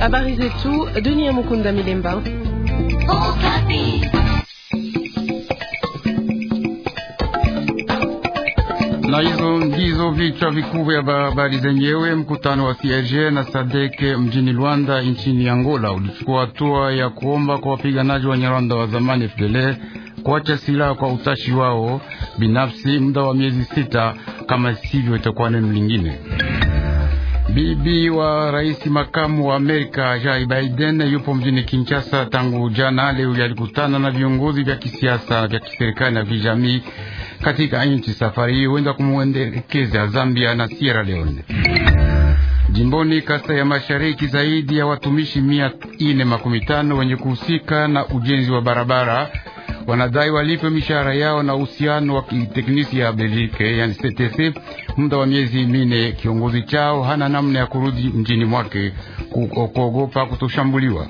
Habari zetu Denis Mukunda Milemba. Na hizo ndizo vichwa vikuu vya habari zenyewe. Mkutano wa Sierge na Sadeke mjini Luanda nchini Angola ulichukua hatua ya kuomba kwa wapiganaji wa Nyarwanda wa zamani FDLR kuacha silaha kwa utashi wao binafsi muda wa miezi sita, kama sivyo itakuwa neno lingine Bibi wa rais makamu wa Amerika jai Biden yupo mjini Kinshasa tangu jana. Leo yalikutana na viongozi vya kisiasa vya kiserikali na vijamii katika nchi. Safari hii huenda kumwendelekeza Zambia na Sierra Leone. Jimboni Kasa ya Mashariki, zaidi ya watumishi mia ine makumi tano wenye kuhusika na ujenzi wa barabara wanadai walipe mishahara yao na uhusiano wa kiteknisi ya Belgique yani CTC, muda wa miezi mine. Kiongozi chao hana namna ya kurudi mjini mwake kuogopa kutoshambuliwa.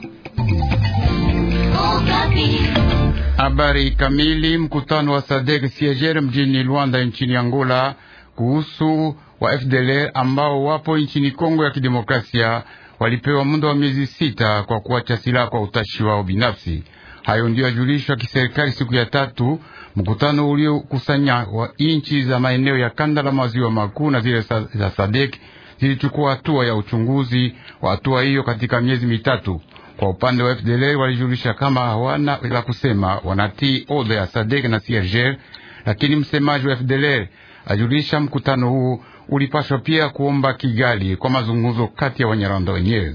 Habari kamili. Mkutano wa Sadek siegere mjini Luanda nchini Angola kuhusu wa FDLR ambao wapo nchini Kongo ya Kidemokrasia walipewa muda wa miezi sita kwa kuacha silaha kwa utashi wao binafsi. Hayo ndio yajulishwa kiserikali siku ya tatu mkutano uliokusanya wa inchi za maeneo ya kanda la maziwa makuu na zile za Sadek zilichukua hatua ya uchunguzi wa hatua hiyo katika miezi mitatu. Kwa upande wa FDL walijulisha kama hawana la kusema, wanatii oda ya Sadek na Sierger, lakini msemaji wa FDL ajulisha mkutano huu ulipashwa pia kuomba Kigali kwa mazungumzo kati ya Wanyarwanda wenyewe.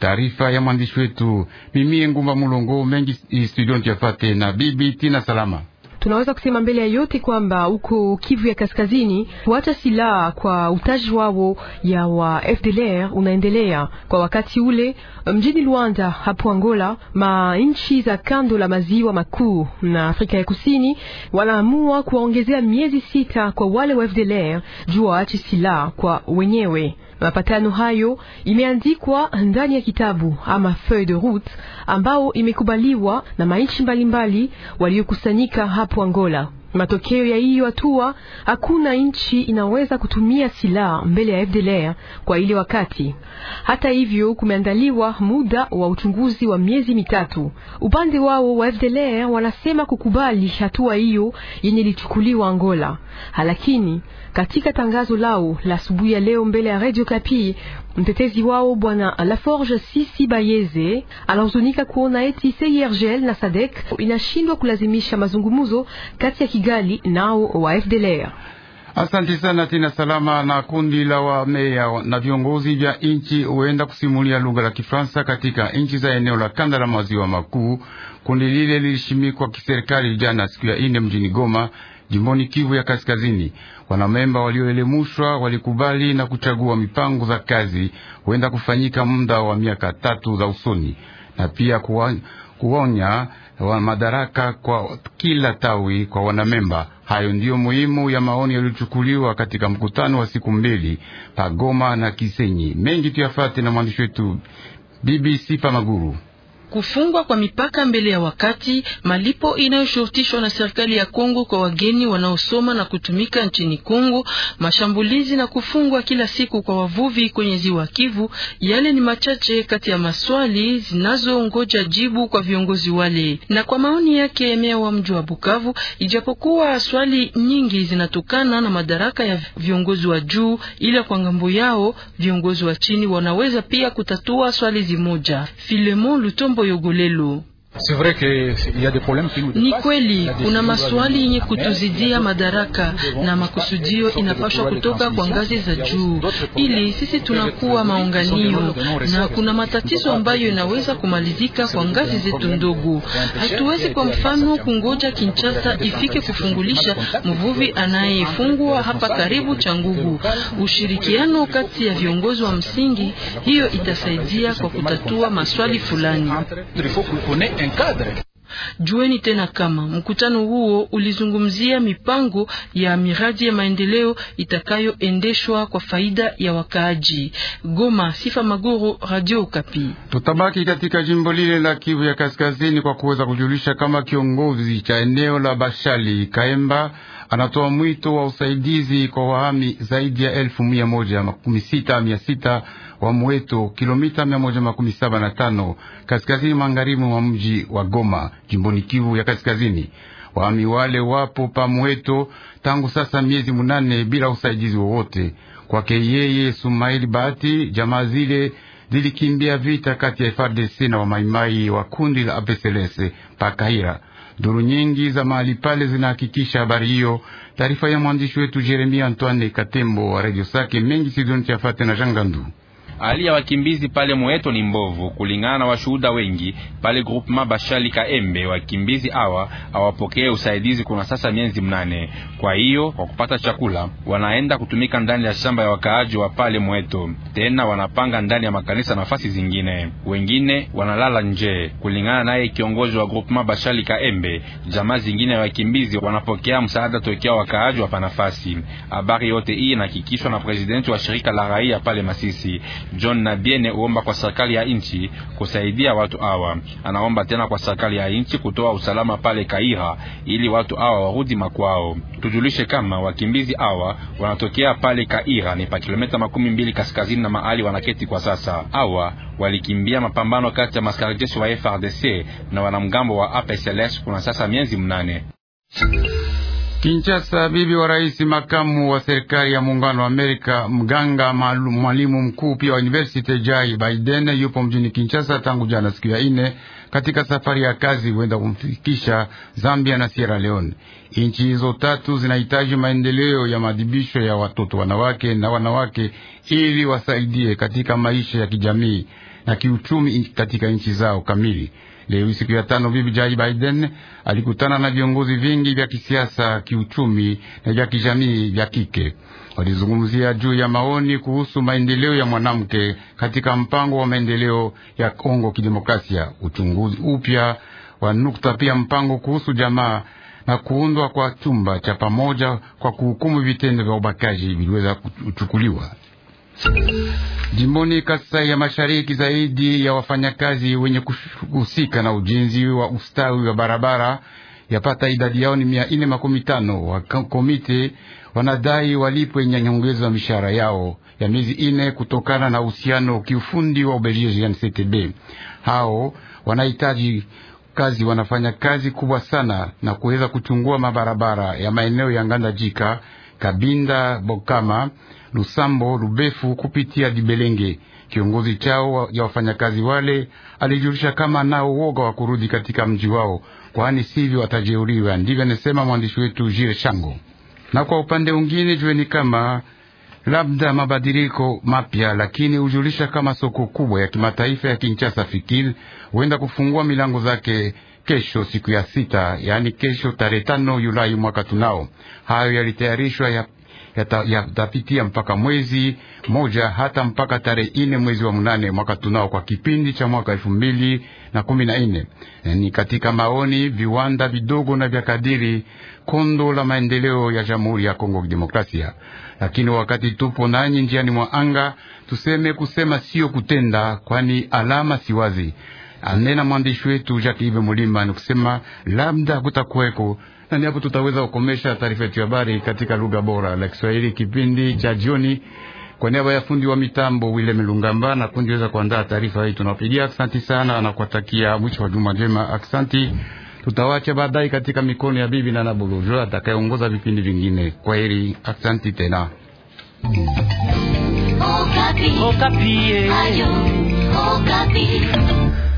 Taarifa ya mwandishi wetu mimi Ngumba Mulongo mengi studio tuyafate na Bibi Tina Salama. Tunaweza kusema mbele ya yote kwamba huko Kivu ya Kaskazini kuacha silaha kwa utaji wao ya wa FDLR unaendelea kwa wakati ule mjini Luanda hapo Angola. Manchi za kando la maziwa makuu na Afrika ya Kusini wanaamua kuwaongezea miezi sita kwa wale wa FDLR juu waache silaha kwa wenyewe. Mapatano hayo imeandikwa ndani ya kitabu ama feuille de route ambao imekubaliwa na maichi mbalimbali waliokusanyika hapo Angola. Matokeo ya hiyo hatua, hakuna nchi inaweza kutumia silaha mbele ya FDLR kwa ile wakati. Hata hivyo, kumeandaliwa muda wa uchunguzi wa miezi mitatu. Upande wao wa FDLR wanasema kukubali hatua hiyo yenye ilichukuliwa Angola, lakini katika tangazo lao la asubuhi ya leo mbele ya Radio Kapi Mtetezi wao bwana Laforge Sisi Bayeze anahuzunika kuona eti CIRGL na SADC inashindwa kulazimisha mazungumzo kati ya Kigali nao wa FDLR. Asanti sana Tina Salama. Na kundi la wameya na viongozi vya nchi huenda kusimulia lugha la Kifaransa katika nchi za eneo la kanda la maziwa makuu. Kundi lile lilishimikwa kiserikali jana siku ya ine mjini Goma jimboni Kivu ya Kaskazini. Wanamemba walioelemushwa walikubali na kuchagua mipango za kazi huenda kufanyika muda wa miaka tatu za usoni na pia kuwa, kuonya wa madaraka kwa kila tawi kwa wanamemba. Hayo ndiyo muhimu ya maoni yaliyochukuliwa katika mkutano wa siku mbili Pagoma na Kisenyi. Mengi tuyafate na mwandishi wetu BBC Pamaguru kufungwa kwa mipaka mbele ya wakati, malipo inayoshurutishwa na serikali ya Kongo kwa wageni wanaosoma na kutumika nchini Kongo, mashambulizi na kufungwa kila siku kwa wavuvi kwenye ziwa Kivu. Yale ni machache kati ya maswali zinazongoja jibu kwa viongozi wale, na kwa maoni yake meya wa mji wa Bukavu, ijapokuwa swali nyingi zinatokana na madaraka ya viongozi wa juu, ila kwa ngambo yao viongozi wa chini wanaweza pia kutatua swali zimoja. Filemon Nsambo Yogolelo Ni kweli kuna maswali yenye kutuzidia madaraka na makusudio inapashwa kutoka kwa ngazi za juu, ili sisi tunakuwa maunganio, na kuna matatizo ambayo inaweza kumalizika kwa ngazi zetu ndogo. Hatuwezi kwa mfano kungoja Kinshasa ifike kufungulisha mvuvi anayefungwa hapa karibu Changugu. Ushirikiano kati ya viongozi wa msingi, hiyo itasaidia kwa kutatua maswali fulani encadre. Jueni tena kama mkutano huo ulizungumzia mipango ya miradi ya maendeleo itakayoendeshwa kwa faida ya wakaaji. Goma, Sifa Maguru, Radio Okapi. Tutabaki katika jimbo lile la Kivu ya Kaskazini kwa kuweza kujulisha kama kiongozi cha eneo la Bashali Kaemba anatoa mwito wa usaidizi kwa wahami zaidi ya elfu mia moja makumi sita mia sita wa Mweto, kilomita 175 kaskazini magharibi mwa mji wa Goma, jimboni Kivu ya Kaskazini. Wami wale wapo pa Mweto tangu sasa miezi munane bila usaidizi wowote kwake yeye. Sumaili Bahati, jamaa zile zilikimbia vita kati ya FARDC na wamaimai wa kundi la APCLS pa Duru nyingi za mahali pale zinahakikisha habari hiyo. Taarifa ya mwandishi wetu Jeremia Antoine Katembo wa Radio Sake mengi sidoni chafate na Jangandu. Hali ya wakimbizi pale Mweto ni mbovu kulingana na washuhuda wengi pale grupema Bashali Kaembe. Wakimbizi hawa hawapokee usaidizi kuna sasa miezi mnane. Kwa hiyo kwa kupata chakula wanaenda kutumika ndani ya shamba ya wakaaji wa pale Mweto, tena wanapanga ndani ya makanisa nafasi zingine, wengine wanalala nje. Kulingana naye kiongozi wa grupema Bashali Kaembe, jamaa zingine ya wakimbizi wanapokea msaada tokea wakaaji wa panafasi. Habari yote hii inahakikishwa na presidenti wa shirika la raia pale Masisi. John Nabiene uomba kwa serikali ya nchi kusaidia watu hawa. Anaomba tena kwa serikali ya nchi kutoa usalama pale Kaiha ili watu hawa warudi makwao. Tujulishe kama wakimbizi hawa wanatokea pale Kaiha, ni pa kilomita makumi mbili kaskazini na mahali wanaketi kwa sasa. Hawa walikimbia mapambano kati ya maskari jeshi wa FRDC na wanamgambo wa APSLS kuna sasa miezi mnane. Kinshasa, bibi wa rais makamu wa serikali ya muungano wa Amerika, mganga maalum, mwalimu mkuu pia wa university Jai Biden yupo mjini Kinshasa tangu jana siku ya ine, katika safari ya kazi huenda kumfikisha Zambia na Sierra Leone. Inchi hizo tatu zinahitaji maendeleo ya maadhibisho ya watoto wanawake na wanawake ili wasaidie katika maisha ya kijamii na kiuchumi katika nchi zao kamili. Leo siku ya tano, bibi Joe Biden alikutana na viongozi vingi vya kisiasa, kiuchumi na vya kijamii vya kike. Walizungumzia juu ya maoni kuhusu maendeleo ya mwanamke katika mpango wa maendeleo ya Kongo Kidemokrasia, uchunguzi upya wa nukta, pia mpango kuhusu jamaa na kuundwa kwa chumba cha pamoja kwa kuhukumu vitendo vya ubakaji viliweza kuchukuliwa Jimboni Kasai ya Mashariki, zaidi ya wafanyakazi wenye kuhusika na ujenzi wa ustawi wa barabara yapata idadi yao ni mia nne makumi tano wa komite wanadai walipwe nyongeza ya mishahara yao ya miezi ine kutokana na uhusiano kiufundi wa Ubelgiji, yani CTB. Hao wanahitaji kazi, wanafanya kazi kubwa sana na kuweza kuchungua mabarabara ya maeneo ya ngandajika Jika Kabinda, Bokama, Lusambo, Lubefu kupitia Dibelenge. Kiongozi chao ya wafanyakazi wale alijulisha kama nao woga wa kurudi katika mji wao, kwani sivyo atajeuriwa Ndivyo anasema mwandishi wetu jire Shango. Na kwa upande mwingine, jueni kama labda mabadiliko mapya, lakini hujulisha kama soko kubwa ya kimataifa ya Kinshasa Fikiri huenda kufungua milango zake kesho siku ya sita, yaani kesho tarehe tano Julai mwaka tunao. Hayo yalitayarishwa yatapitia ya mpaka mwezi moja hata mpaka tarehe ine mwezi wa mnane mwaka tunao, kwa kipindi cha mwaka elfu mbili na kumi na nne. E, ni katika maoni viwanda vidogo na vya kadiri kondo la maendeleo ya Jamhuri ya Kongo Kidemokrasia. Lakini wakati tupo nanyi njiani mwa anga, tuseme kusema sio kutenda, kwani alama si wazi anena mwandishi wetu Jacques Jakibe Mulima ni kusema labda kutakuweko na ni hapo tutaweza kukomesha taarifa yetu ya habari katika lugha bora la Kiswahili kipindi cha jioni. Kwa niaba ya fundi wa mitambo wile Melungamba na kundi weza kuandaa taarifa hii, tunawapigia aksanti sana na kuwatakia mwisho wa juma jema. Aksanti, tutawacha baadaye katika mikono ya bibi Nana Bulujo atakayeongoza vipindi vingine. Kwa heri, aksanti tena. Okapi. Oh, Okapi. Oh, eh. Ayo, Okapi. Oh,